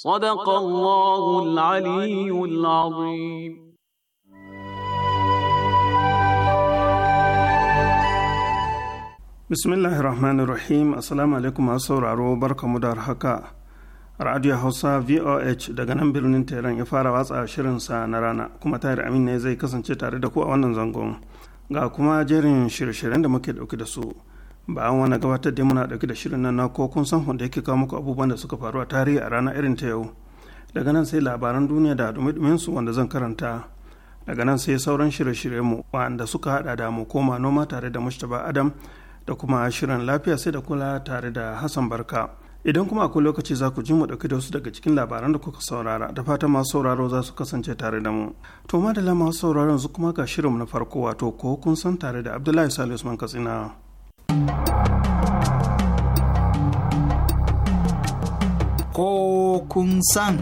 صدق الله العلي العظيم الله الرحمن الرحيم السلام alaikum masu sauraro بركة da haka radio hausa voh daga nan birnin tehran ya fara watsa shirin sa na rana kuma tahir amin ne zai kasance tare da ku a wannan zangon ga kuma jerin shirye-shiryen da muke dauke da su ba an wani gabatar da muna dauke da shirin nan na ko kun san wanda yake kawo muku abubuwan da suka faru a tarihi a ranar irin ta yau daga nan sai labaran duniya da dumi su wanda zan karanta daga nan sai sauran shirye-shirye mu wanda suka hada da mu koma noma tare da mustapha adam da kuma shirin lafiya sai da kula tare da hassan barka idan kuma akwai lokaci za ku ji mu dauki da wasu daga cikin labaran da kuka saurara da fata masu sauraro za su kasance tare da mu to madalla masu sauraron su kuma ga shirinmu na farko wato ko kun san tare da abdullahi salisu usman katsina ko kun san.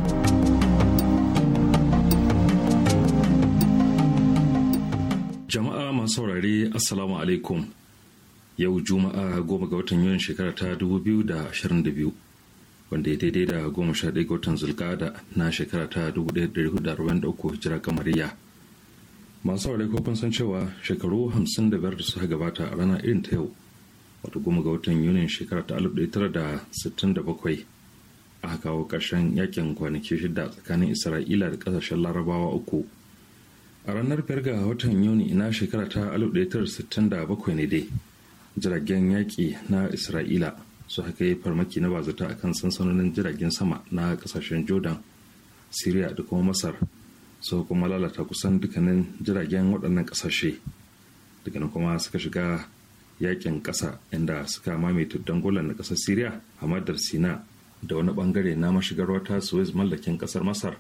Jama'a masu saurare Assalamu alaikum. Yau Juma'a goma ga watan Yunin shekara ta 2022 wanda ya daidai da goma sha ɗaya ga watan Zulkada na shekara ta 1443 hijira kamariya. Masu saurare ko kun san cewa shekaru 55 da suka gabata a rana irin ta yau wato goma ga watan Yunin shekara ta 1967 a kawo ƙarshen yakin kwanaki shida tsakanin isra'ila da ƙasashen larabawa uku a ranar biyar watan yuni na shekara ta 1967 ne dai jiragen yaƙi na isra'ila su haka yi farmaki na bazata akan sansanonin jiragen sama na ƙasashen jordan syria da kuma masar su kuma lalata kusan dukkanin jiragen waɗannan ƙasashe daga nan kuma suka shiga yaƙin ƙasa inda suka mamaye tuddan golan na ƙasar syria hamadar sina da wani bangare na mashigar wata suez mallakin kasar masar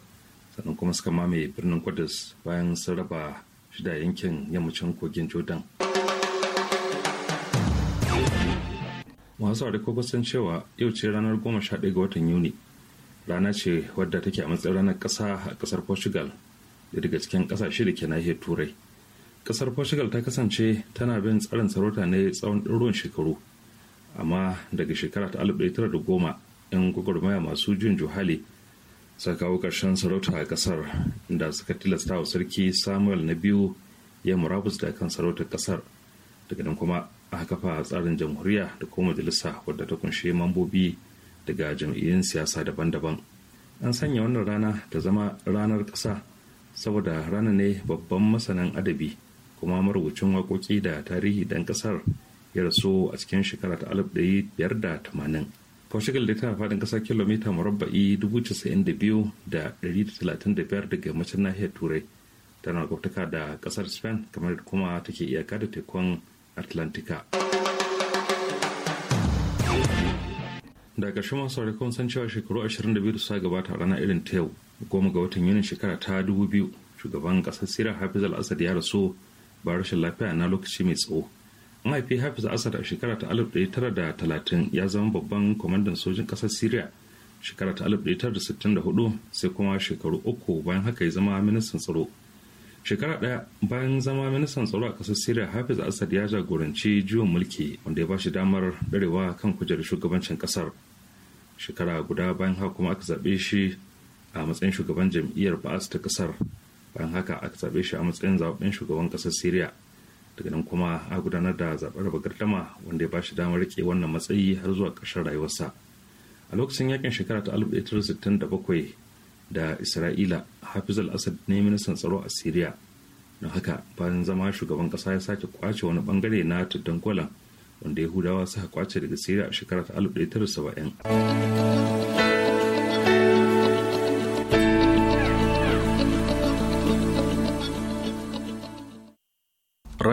sannan kuma suka mamaye birnin kudus bayan sun raba shi da yankin yammacin kogin jordan masu harkokin sun cewa yau ce ranar 11 ga watan yuni rana ce wadda take a matsayin ranar ƙasa a kasar portugal da daga cikin ƙasashe da ke nahiyar turai ƙasar portugal ta kasance tana bin tsarin sarauta ne tsawon ɗin ruwan shekaru amma daga shekara ta 1910 'yan gwagwarmaya masu jin juhali suka kawo ƙarshen sarauta a ƙasar da suka tilasta wa sarki samuel na biyu ya murabus da kan sarautar ƙasar daga nan kuma aka kafa tsarin jamhuriya da kuma majalisa wadda ta kunshi mambobi daga jam'iyyun siyasa daban-daban an sanya wannan rana ta zama ranar ƙasa saboda rana ne babban masanin adabi kuma marubucin waƙoƙi da tarihi ɗan ƙasar ya rasu a cikin shekara ta biyar da tamanin. portugal da tana faɗin ƙasa kilomita murabba'i 92,135 daga yammacin nahiyar turai tana gwabtaka da ƙasar spain kamar kuma take iyaka da tekun atlantika da ƙarshen masu kun san cewa shekaru 22 da suka gabata a rana irin ta yau goma ga watan yunin shekara ta 2000 shugaban ƙasar sira hafiz al ya rasu ba rashin lafiya na lokaci mai tsawo mahaifi hafiz asad a shekara ta tara da talatin ya zama babban kwamandan sojin ƙasar syria shekara ta tara da da sittin hudu sai kuma shekaru uku bayan haka ya zama ministan tsaro shekara ɗaya bayan zama ministan tsaro a ƙasar syria hafiz asad ya jagoranci juyin mulki wanda ya ba shi damar ɗarewa kan kujerar shugabancin ƙasar shekara guda bayan haka kuma aka zaɓe shi a matsayin shugaban jam'iyyar ba'as ta ƙasar bayan haka aka zaɓe shi a matsayin zaɓen shugaban ƙasar syria daga nan kuma a gudanar da zaɓen raba gardama wanda ya ba shi damar rike wannan matsayi har zuwa ƙarshen rayuwarsa a lokacin yakin shekara ta 1967 da isra'ila hafiz al-assad ne ministan tsaro a syria don haka bayan zama shugaban ƙasa ya sake kwace wani bangare na tuddan golan wanda yahudawa suka kwace daga syria a shekara ta 1970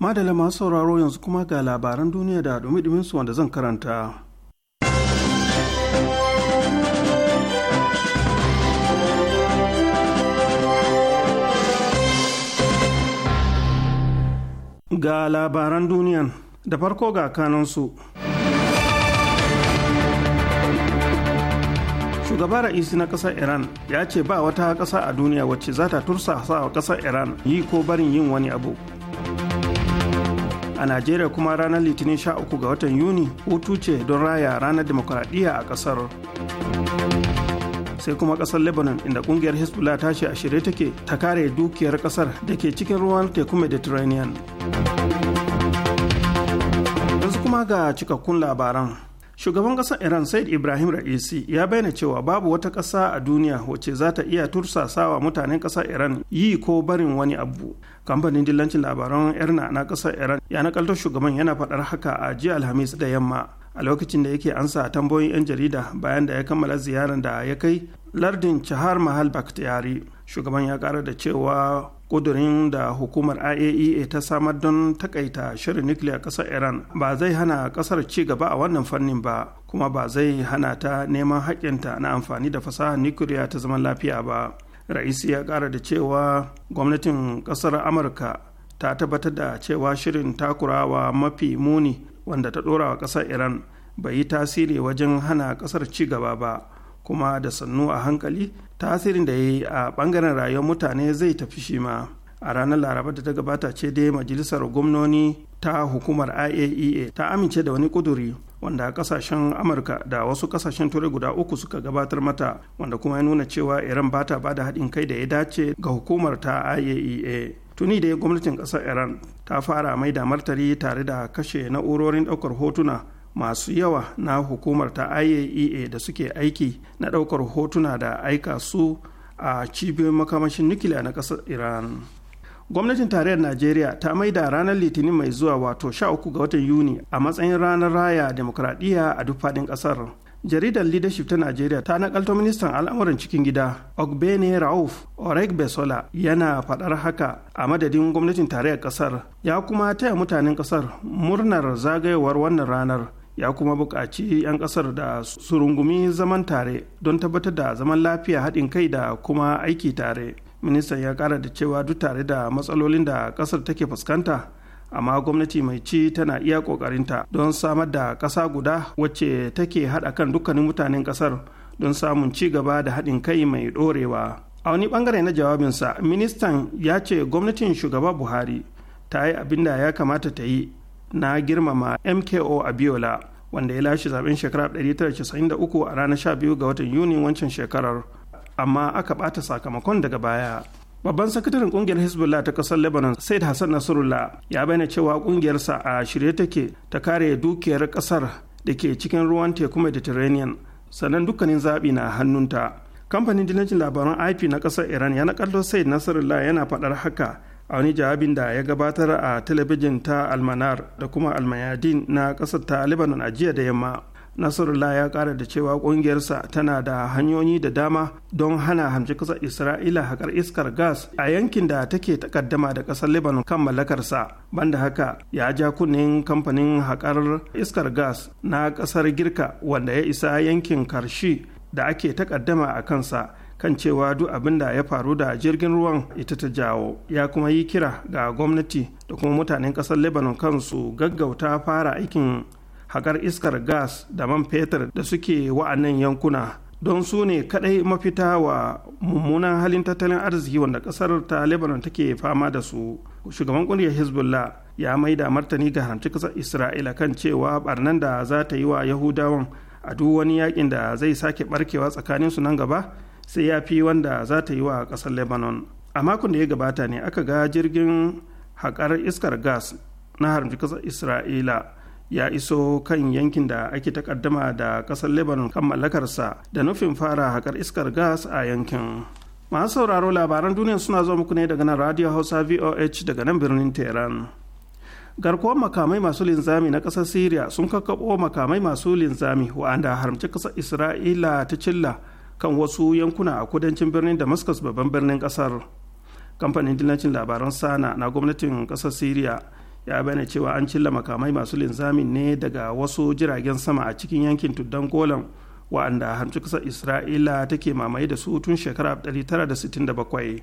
Madala masu sauraro yanzu kuma ga labaran duniya da dumi su wanda zan karanta. Ga labaran duniyan da farko ga kanansu. shugaba ra'isi na kasar iran ya ce ba wata ƙasa a duniya wacce za ta tursa sa kasar iran yi ko barin yin wani abu a najeriya kuma ranar litinin 13 ga watan yuni hutu ce don raya ranar demokuraɗiyya a ƙasar sai kuma ƙasar lebanon inda ƙungiyar hezbollah ta ce a shirye take ta kare dukiyar ƙasar da ke cikin ruwan teku mediterranean yanzu kuma ga cikakkun labaran shugaban ƙasar iran said ibrahim ra'isi ya bayyana cewa babu wata ƙasa a duniya wacce za ta iya tursasawa mutanen ƙasar iran yi ko barin wani abu kamfanin dillancin labaran erna na ƙasar iran ya nakaltar shugaban yana faɗar haka a jiya alhamis da yamma a lokacin da yake ansa tambayoyin 'yan jarida bayan da ya kammala ziyarar da ya kai lardin chahar mahal bakhtiyari shugaban ya kara da cewa kudurin da hukumar iaea e ta samar don takaita shirin nukiliya ƙasar iran ba zai hana ƙasar ci gaba a wannan fannin ba kuma ba zai hana ta neman haƙƙinta na amfani da fasaha nukiliya ta zaman lafiya ba ra'isi ya ƙara da cewa gwamnatin ƙasar amurka ta tabbatar da cewa shirin takurawa mafi muni wanda ta ɗora wa ƙasar iran bai yi tasiri wajen hana ƙasar ci gaba ba kuma da sannu a hankali tasirin da ya yi a bangaren rayuwar mutane zai tafi shi ma a ranar laraba da ta gabata ce dai majalisar gwamnoni ta hukumar iaea e ta amince da wani kuduri wanda kasashen amurka da wasu kasashen turai guda uku suka gabatar mata wanda kuma ya nuna cewa iran ba ta bada haɗin kai da ya dace ga hukumar ta iaea e tuni da gwamnatin ƙasar iran ta fara mai da martari tare da kashe na'urorin ɗaukar hotuna masu yawa na hukumar ta iaea e da suke aiki na ɗaukar hotuna da aika su a cibiyoyin makamashin nukiliya na ƙasar iran gwamnatin tarayyar najeriya ta maida ranar litinin mai zuwa wato 13 ga watan yuni a matsayin ranar raya demokradiyya a duk faɗin ƙasar jaridar leadership ta najeriya ta nakalto ministan al'amuran cikin gida ogbene rauf oreg besola yana faɗar haka a madadin gwamnatin tarayyar ƙasar ya kuma taya mutanen ƙasar murnar zagayowar wannan ranar ya kuma buƙaci 'yan ƙasar da su rungumi zaman tare don tabbatar da zaman lafiya haɗin kai da kuma aiki tare ministan ya ƙara da cewa duk tare da matsalolin da ƙasar take fuskanta amma gwamnati mai ci tana iya ƙoƙarinta don samar da ƙasa guda wacce take haɗa kan dukkanin mutanen ƙasar don samun ci gaba da haɗin kai mai ɗorewa a wani ɓangare na jawabinsa ministan ya ce gwamnatin shugaba buhari ta yi abin ya kamata ta yi na girmama mko a abiola wanda ya lashe zaben shekarar 1993 a ranar 12 ga watan yuni wancan shekarar amma aka bata sakamakon daga baya babban sakataren kungiyar hezbollah ta kasar lebanon said hassan nasrullah ya bayyana cewa kungiyarsa a shirye take ta kare dukiyar kasar da ke cikin ruwan teku mediterranean sannan dukkanin zaɓi na hannunta kamfanin dinajin labaran ip na kasar iran ya nakaldo said nasrullah yana faɗar haka a wani jawabin da ya gabatar a talabijin ta almanar da kuma almayadin na ƙasar ta libanon a jiya da yamma nasarullah ya ƙara da cewa ƙungiyarsa tana da hanyoyi da dama don hana hamci ƙasar isra'ila haƙar iskar gas a yankin da take takaddama da ƙasar libanon kan mallakarsa banda haka ya ja kunnen kamfanin haƙar iskar gas na ƙasar girka wanda ya isa yankin karshi da ake takaddama a kansa kan cewa duk abin da ya faru da jirgin ruwan ita ta jawo ya kuma yi kira ga gwamnati da kuma mutanen kasar lebanon kansu gaggauta fara aikin hakar iskar gas da man fetur da suke wa'annan yankuna don su ne kadai mafita wa mummunan halin tattalin arziki wanda kasar ta lebanon take fama da su shugaban kungiyar hezbollah ya mai da martani ga haramci kasar isra'ila kan cewa barnan da za ta yi wa yahudawan a duk wani yakin da zai sake barkewa tsakaninsu nan gaba sai ya fi wanda za ta yi wa ƙasar lebanon a makon da ya gabata ne aka ga jirgin haƙar iskar gas na haramci ƙasar isra'ila ya iso kan yankin da ake takaddama da ƙasar lebanon kan mallakarsa da nufin fara haƙar iskar gas a yankin masu sauraro labaran duniya suna zo muku ne daga nan radio hausa voh daga nan birnin tehran garkuwar makamai masu linzami na ƙasar syria sun kakkaɓo makamai masu linzami wa'anda haramci ƙasar isra'ila ta cilla kan wasu yankuna a kudancin birnin damascus babban birnin kasar kamfanin dillancin labaran sana na gwamnatin kasar syria ya bayyana cewa an cilla makamai masu linzamin ne daga wasu jiragen sama a cikin yankin tuddan golan wa'anda hancin kasar isra'ila take mamaye da su tun shekara 1967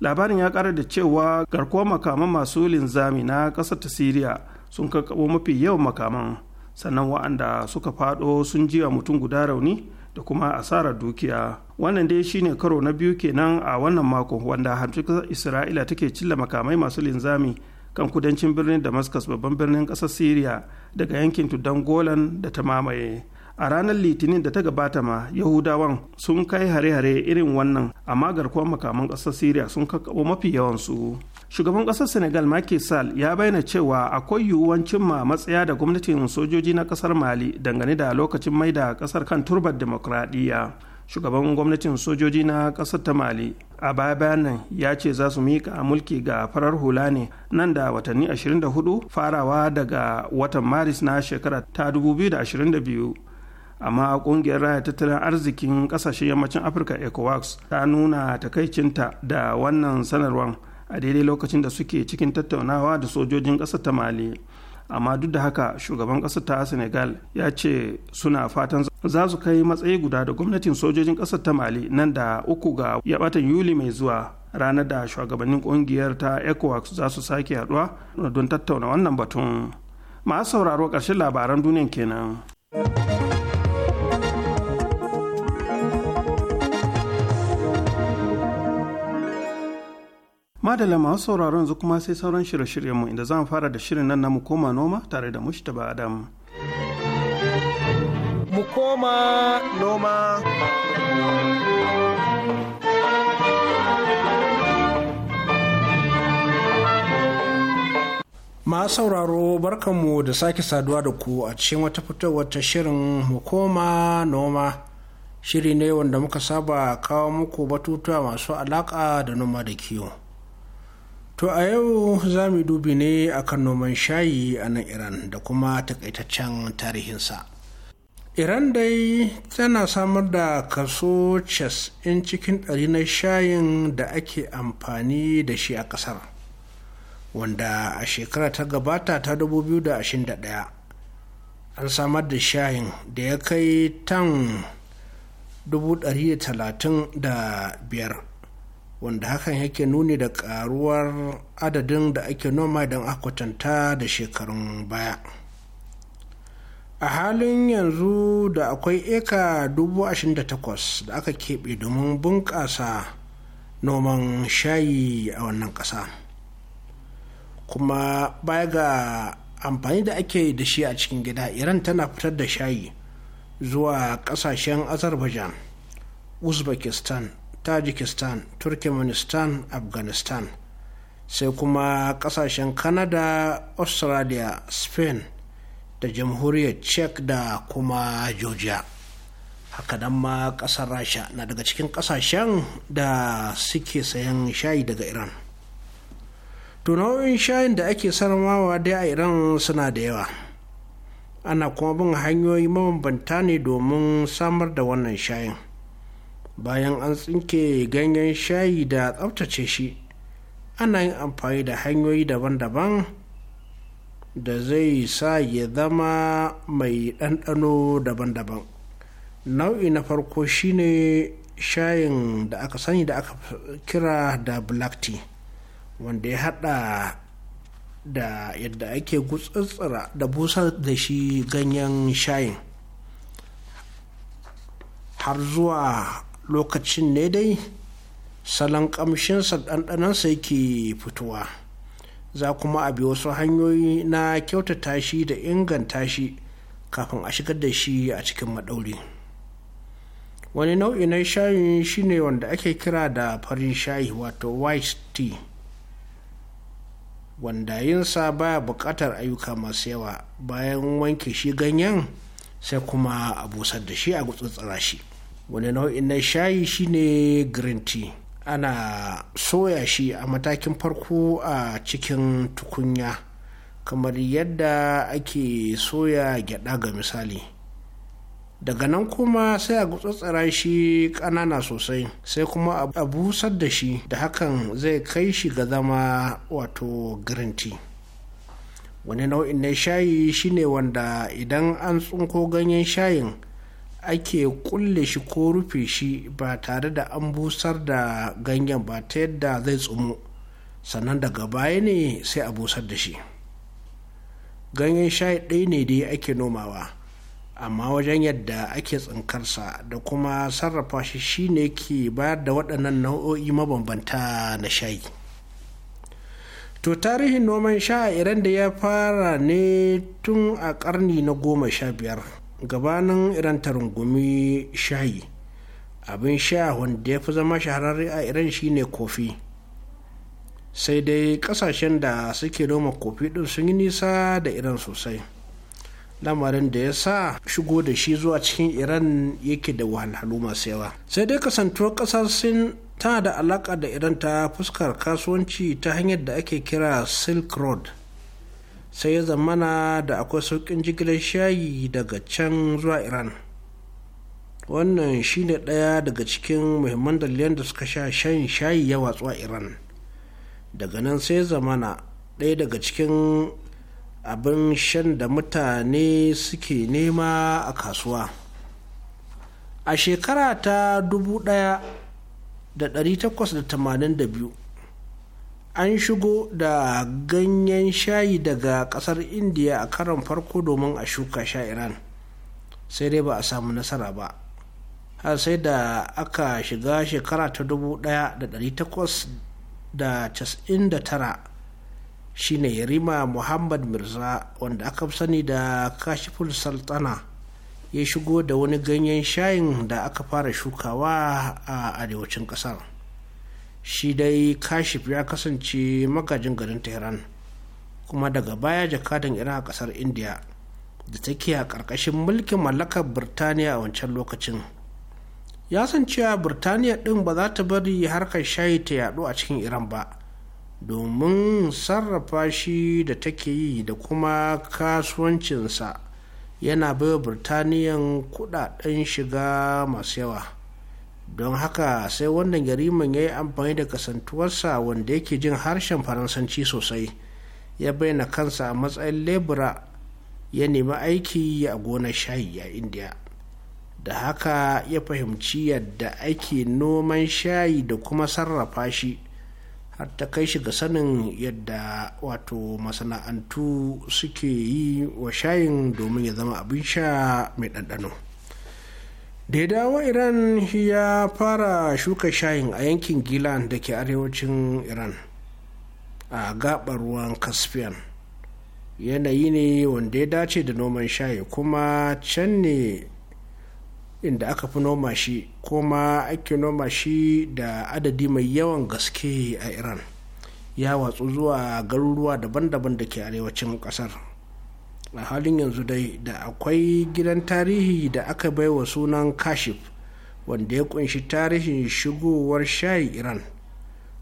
labarin ya kara da cewa garkuwar makaman masu linzami na kasar ta syria sun kakabo mafi yawan makaman sannan wa'anda suka faɗo sun jiwa mutum guda rauni da kuma asarar dukiya wannan dai shine karo na biyu kenan a wannan mako wanda hamsin isra'ila take cilla makamai masu linzami kan kudancin birnin damascus babban birnin ƙasar syria daga yankin tudan golan da ta mamaye a ranar litinin da ta gabata ma yahudawan sun kai hare-hare irin wannan amma garkuwar makaman ƙasar syria sun kakkaɓo mafi yawansu shugaban kasar senegal Macky Sall ya bayyana cewa akwai yiwuwan cimma matsaya da gwamnatin sojoji na kasar mali dangane da lokacin mai da kasar kan turbar demokradiyya shugaban gwamnatin sojoji na kasar ta mali a baya bayanan ya ce za su miƙa mulki ga farar hula ne nan da watanni 24 farawa daga watan maris na shekara ta 2022 amma kungiyar raya tattalin arzikin kasashen yammacin afirka ecowas ta nuna takaicinta da wannan sanarwar a daidai lokacin da suke cikin tattaunawa da sojojin ƙasar ta mali amma duk da haka shugaban ƙasar ta senegal ya ce suna fatan za su kai matsayi guda da gwamnatin sojojin ƙasar ta mali nan da uku ga yabatan yuli mai zuwa ranar da shugabannin ƙungiyar ta ecowas za su sake haɗuwa don tattauna wannan batun masu sauraro ƙarshen labaran duniyan kenan. madala masu sauraron yanzu kuma sai sauran shirye-shiryenmu inda za mu fara da shirin nan na mukoma noma tare da mushtaba adam mu noma Ma sauraro barkanmu da sake saduwa da ku a cikin wata fitowar ta shirin mukoma noma shiri ne wanda muka saba kawo muku batutuwa masu alaƙa da noma da kiwo. To a yau za mu dubi ne akan noman shayi a nan Iran da kuma takaitaccen tarihinsa. Iran dai tana samar da kaso in cikin ɗari na shayin da ake amfani da shi a ƙasar. Wanda a shekara ta gabata ta 2021 an samar da shayin da ya kai tan 135. wanda hakan yake nuni da karuwar adadin da ake noma don kwatanta da shekarun baya a halin yanzu da akwai eka 28,000 da aka keɓe domin bunƙasa noman shayi a wannan ƙasa kuma baya ga amfani da ake da shi a cikin gida iran tana fitar da shayi zuwa ƙasashen azerbaijan uzbekistan tajikistan turkmenistan afghanistan sai kuma kasashen Kanada, australia spain da jamhuriyar czech da kuma georgia dan ma kasar rasha na daga cikin kasashen da suke sayan shayi daga iran nau'in shayin da ake sarmawa dai a iran suna da yawa ana kuma bin hanyoyi mabambanta ne domin samar da wannan shayin bayan an tsinke ganyen shayi da tsabtace shi ana yin amfani da hanyoyi daban-daban da zai sa ya zama mai ɗanɗano daban-daban nau'i na farko shine shayin da aka sani da aka kira da black tea wanda ya hada da yadda ake gutsatsara da busar da shi ganyen shayin har zuwa lokacin ne dai salon ƙamshinsa ɗanɗanansa yake fitowa za kuma a bi wasu hanyoyi na kyautata shi da inganta shi kafin a shigar da shi a cikin maɗauri wani nau'i na shayin shine wanda ake kira da farin shayi wato white tea wanda yinsa baya buƙatar ayyuka masu yawa bayan wanke shi ganyen sai kuma a busar da shi a gutsutsura shi wani nau'in na shayi shine green tea ana soya shi a matakin farko a cikin tukunya kamar yadda ake soya gyada ga misali daga nan kuma sai a gutsatsara shi kanana sosai sai kuma a busar da shi da hakan zai kai shi ga zama wato green tea wani nau'in na shayi shine wanda idan an tsunko ganyen shayin ake kulle shi ko rufe shi ba tare da an busar da ganyen ba ta yadda zai tsumo, sannan daga baya ne sai a busar da shi ganyen shayi ɗaya ne dai ake nomawa amma wajen yadda ake tsinkarsa da kuma sarrafa shi shine ke bayar da waɗannan nau'o'i mabambanta na shayi to tarihin noman sha a da ya fara ne tun a ƙarni na goma sha biyar gabanin iran ta rungumi shayi abin sha wanda ya fi zama shahararre a iran shine kofi sai dai kasashen da suke noma kofi din sun yi nisa da iran sosai lamarin da ya sa shigo da shi zuwa cikin iran yake da wahalhalu masu yawa sai dai kasantuwar kasar sin tana da alaka da iran ta fuskar kasuwanci ta hanyar da ake kira silk road sai ya zamana da akwai sauƙin jigilar shayi daga can zuwa iran wannan shine ɗaya daga cikin muhimman dalilan da suka sha shan shayi yawa zuwa iran daga nan sai zamana ɗaya daga cikin abin shan da mutane suke nema a kasuwa a shekara ta 1882 an shigo da ganyen shayi daga kasar indiya a karon farko domin a shuka sha iran sai dai ba a samu nasara ba har sai da aka shiga shekara ta dubu da da tara shine yarima muhammad mirza wanda aka sani da kashiful sultana ya shigo da wani ganyen shayin da aka fara shukawa a arewacin kasar. shi dai kashif ya kasance magajin garin tehran kuma daga baya jakadan iran a kasar india da take a ƙarƙashin mulkin mallakar birtaniya a wancan lokacin ya san cewa birtaniya din ba za ta bari harkar shayi ta yaɗu a cikin iran ba domin sarrafa shi da take yi da kuma kasuwancinsa yana baiwa birtaniyan kudaden shiga masu yawa don haka sai wannan yariman ya yi amfani da kasantuwarsa wanda yake jin harshen faransanci sosai ya bayyana kansa a matsayin lebura ya nemi aiki a gonar shayi a indiya da haka ya fahimci yadda ake noman shayi da kuma sarrafa shi har ta kai shi ga sanin yadda wato masana'antu suke yi wa shayin domin ya zama abin sha mai ɗanɗano. da ya dawo iran ya fara shuka shayin a yankin gilan da ke arewacin iran a gabar ruwan caspian yanayi ne wanda ya dace da noman shayi kuma can ne inda aka fi noma shi kuma ake noma shi da adadi mai yawan gaske a iran ya watsu zuwa garuruwa daban-daban da ke arewacin kasar a halin yanzu dai da akwai gidan tarihi da aka baiwa sunan kashif wanda ya kunshi tarihin shigowar shayi iran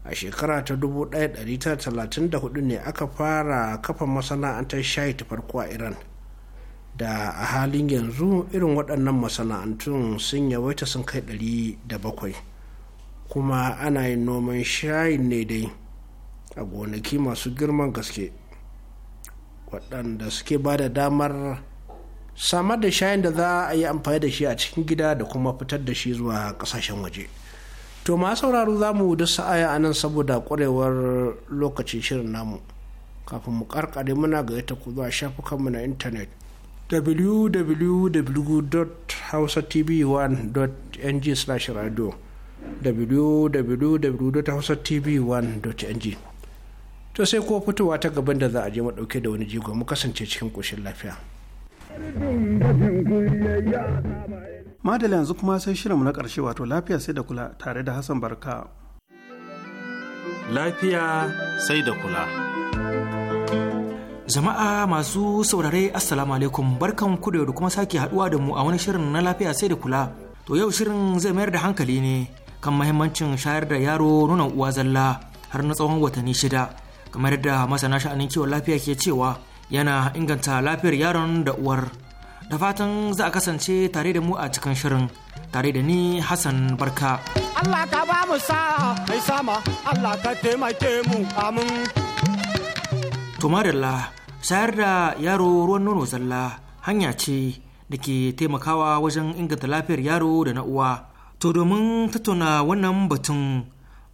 a shekara ta 1934 ne aka fara kafa masana'antar shayi ta farko a iran da a halin yanzu irin waɗannan masana'antun sun yawaita sun kai 700 kuma ana yin noman shayi ne dai a gonaki masu girman gaske waɗanda suke ba da damar samar da shayin da za a yi amfani da shi a cikin gida da kuma fitar da shi zuwa ƙasashen waje to ma sauraro za mu da sa'aya a nan saboda ƙwarewar lokacin shirin namu kafin mu karkare muna ga ita ku zuwa shafukanmu na intanet www.hausatv1.ng/radio www.hausatv1.ng to sai kuma fitowa ta gaban da za a je mu dauke da wani jigo mu kasance cikin koshin lafiya madala yanzu kuma sai shirinmu na ƙarshe wato lafiya sai da kula tare da hassan barka lafiya sai da kula jama'a masu saurare assalamu alaikum barkan ku da kuma sake haduwa da mu a wani shirin na lafiya sai da kula to yau shirin zai mayar da hankali ne kan mahimmancin shayar da yaro nonon uwa zalla har na tsawon watanni shida kamar yadda masana sha'anin kiwon lafiya ke cewa yana inganta lafiyar yaron da uwar da fatan za a kasance tare da mu a cikin shirin tare da ni hassan barka allah ka ba mu sa'a mai sama allah ka taimake mu amin to shayar da yaro ruwan nono zalla hanya ce da ke taimakawa wajen inganta lafiyar yaro da na uwa to domin tattauna wannan batun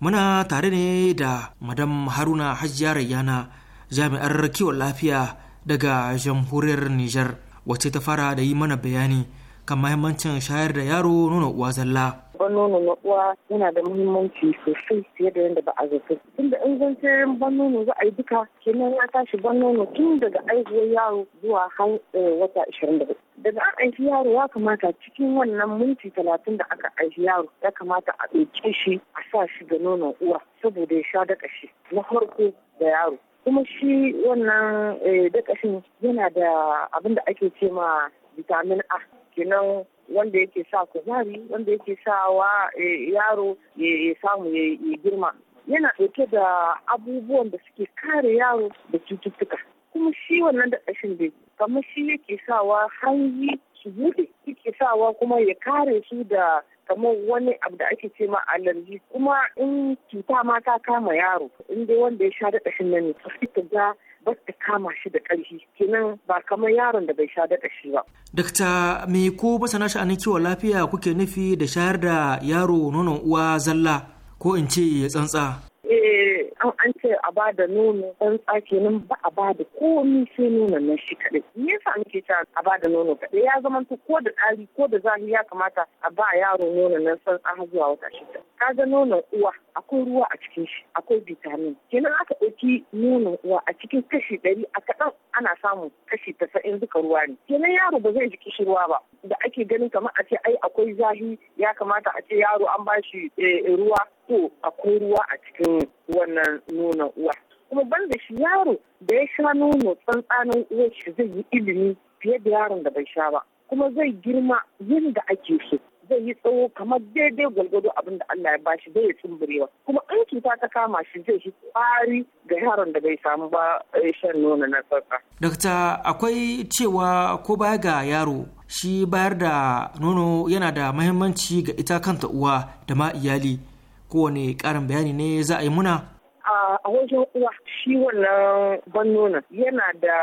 muna tare ne da madam haruna hajjiya rayyana jami'ar kiwon lafiya daga jamhuriyar niger wacce ta fara da yi mana bayani kan mahimmancin shayar da yaro nuna uwa zalla karɓar nono na uwa yana da muhimmanci sosai fiye da yadda ba a zato tunda in zan sayar ban nono za a yi duka kenan ya tashi ban nono tun daga aihuwar yaro zuwa har eh, wata ashirin da daga an aiki yaro ya kamata cikin wannan minti talatin da aka aiki yaro ya kamata a ɗauke shi a sa shi da nono uwa saboda ya sha daka shi na farko da yaro kuma shi wannan eh, shi yana da abin da ake ce ma vitamin a kenan wanda yake sa kuzari wanda yake sa wa eh, yaro ya samu ya girma yana ɗauke da abubuwan da suke kare yaro da cututtuka kuma shi wannan da ƙashin dai kamar shi yake sawa hanyi su buɗe yake sawa kuma ya kare su da kamar wani abu da ake ce ma alarji kuma in cuta ma ta kama yaro in dai wanda ya sha da ƙashin nan ne ta ga bas ta kama shi da ƙarfi kenan ba kamar yaron da bai sha da ƙashi ba. Dakta me ko masana sha'anin kiwon lafiya kuke nufi da shayar da yaro nonon uwa zalla ko in ce ya tsantsa? Eh an ba da nono ɗan tsake nan ba a ba da komi sai nuna nan shi kaɗai me yasa muke cewa a ba da nono kaɗai ya zama ko da ɗari ko da zahi ya kamata a ba yaro nono nan san an zuwa wata shida ga nonon uwa akwai ruwa a cikin shi akwai vitamin kenan aka ɗauki nonon uwa a cikin kashi ɗari a kaɗan ana samun kashi tasa'in duka ruwa ne kenan yaro ba zai ji kishirwa ba da ake ganin kamar a ce ai akwai zahi ya kamata a ce yaro an ba shi eh, ruwa ko akwai ruwa a cikin wannan nuna uwa kuma ban da shi yaro da ya sha nono tsantsanin uwar shi zai yi ilimi fiye da yaron da bai sha ba kuma zai girma yadda ake so zai yi tsawo kamar daidai gwalgwado abin da Allah ya ba shi zai yi kuma in cuta ta kama shi zai shi kwari ga yaron da bai samu ba eh, shan nono na tsatsa. Dokta akwai cewa ko baya ga yaro shi bayar da nono yana da mahimmanci ga ita kanta uwa da ma iyali kowane ƙarin bayani ne za a yi muna a wajen uwa shi wannan bannona yana da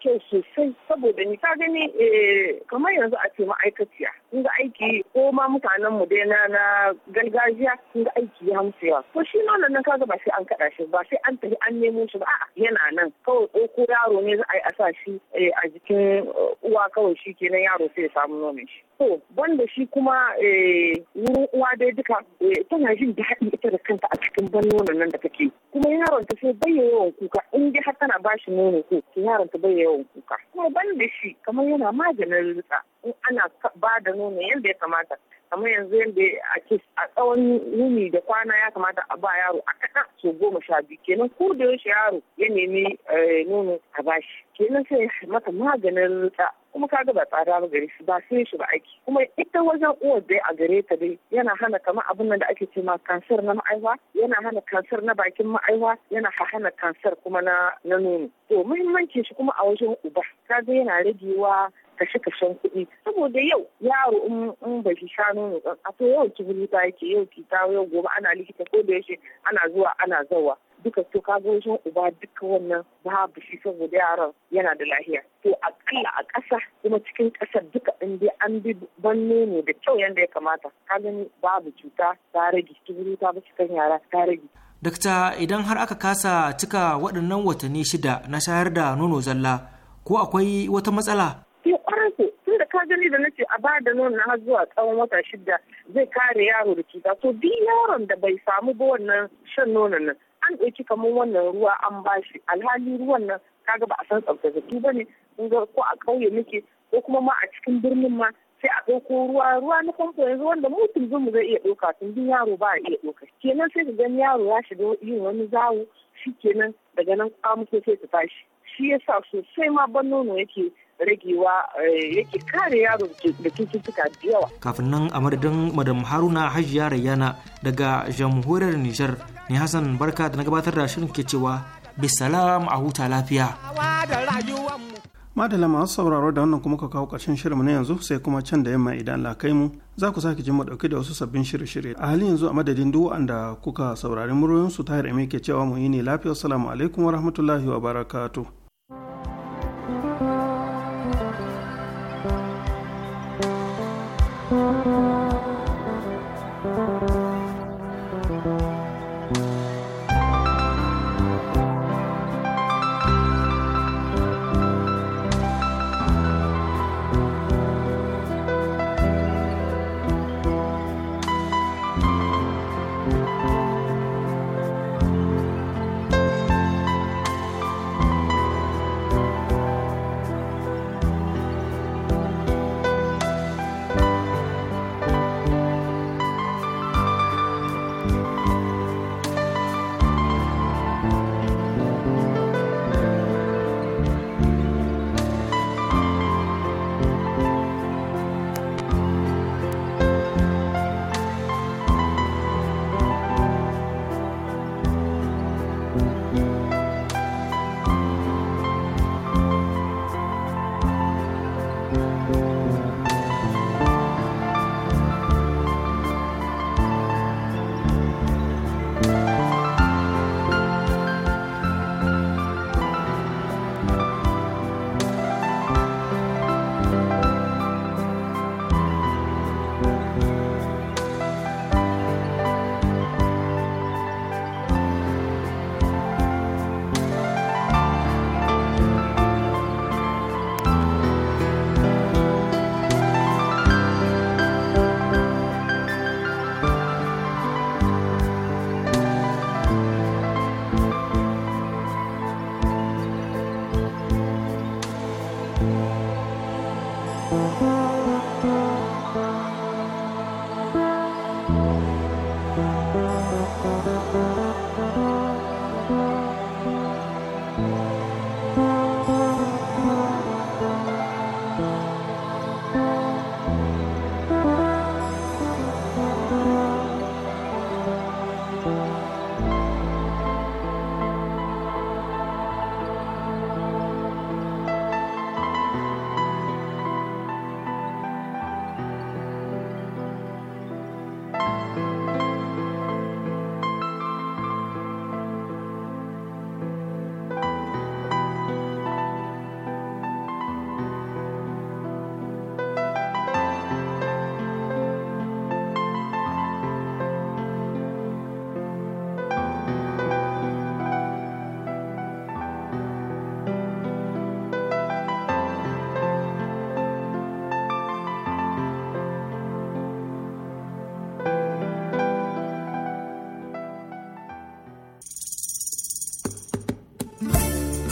kyau sosai saboda ni ta gani eh, kamar yanzu a ce ma'aikaciya kun aiki ko ma mutanen mu dai na gargajiya kun ga aiki ya musu yawa to shi nonon nan kaga ba sai an kada shi ba sai an tafi an nemo shi ba a'a yana nan kawai ɗauko yaro ne za a yi a sa shi eh, a jikin eh, uwa kawai shi kenan yaro sai ya samu nomin shi to banda shi kuma eh, wurin uwa dai duka tana jin daɗi ita da kanta a cikin ban nan da take kuma yaron ta sai bai yawan kuka in dai har tana bashi shi nono ko yaron ta bai yawan kuka kuma banda shi kamar yana maganin rika. in ana ba da nono yadda ya kamata kamar yanzu yadda ake a tsawon yuni da kwana ya kamata a ba yaro a kaɗan so goma sha biyu kenan ko da yaushe yaro ya nemi eh, nono a bashi kenan sai mata maganin ta kuma ka ga ba tsada ba gare shi ba sai shi ba aiki kuma ita wajen uwar dai a gare ta dai yana hana kamar abin nan da ake ce ma kansar na ma'aiwa yana hana kansar na bakin ma'aiwa yana hana kansar kuma na na nono to muhimmancin shi kuma a wajen uba ka ga yana ragewa kashe-kashen kuɗi saboda yau yaro in ba shi sha nono a to yau kibirita yake yau kita yau gobe ana likita ko da yake ana zuwa ana zawa duka to ka zo uba duka wannan babu shi saboda yaron yana da lahiya to akalla a ƙasa kuma cikin ƙasar duka in dai an bi ban nono da kyau yadda ya kamata ka gani babu cuta ta rage ta ba cikin yara ta rage Dakta idan har aka kasa cika waɗannan watanni shida na shayar da nono zalla ko akwai wata matsala? sai kwarar tun da ka gani da nace a ba da nonon har zuwa tsawon wata shida zai kare yaro da cuta to bi yaron da bai samu ba wannan shan nonon nan an ɗauki kamar wannan ruwa an bashi alhali ruwan nan kaga ba a san tsaftace ba ne ko a ƙauye muke ko kuma ma a cikin birnin ma sai a ɗauko ruwa ruwa na famfo yanzu wanda mutum zan zai iya ɗauka tun bi yaro ba a iya ɗauka kenan sai ka gani yaro ya shiga yin wani zawo shi kenan daga nan kwamuke sai ta tashi shi yasa sosai ma ban nono yake ragewa eh, yake kare yaro da cututtuka da yawa. Kafin nan a madadin Madam Haruna Hajiya Rayyana daga jamhuriyar Nijar ne Hassan Barka da na gabatar da shirin ke cewa bisalam a huta lafiya. Madala masu sauraro da wannan kuma ka kawo ƙarshen shirin na yanzu sai kuma can da yamma idan la kai mu za ku sake jin mu dauke da wasu sabbin shirye-shirye. A halin yanzu a madadin duk wanda kuka saurari muryoyinsu tahir eme ke cewa mu yi ne lafiya. Assalamu alaikum wa rahmatullahi wa barakatuh.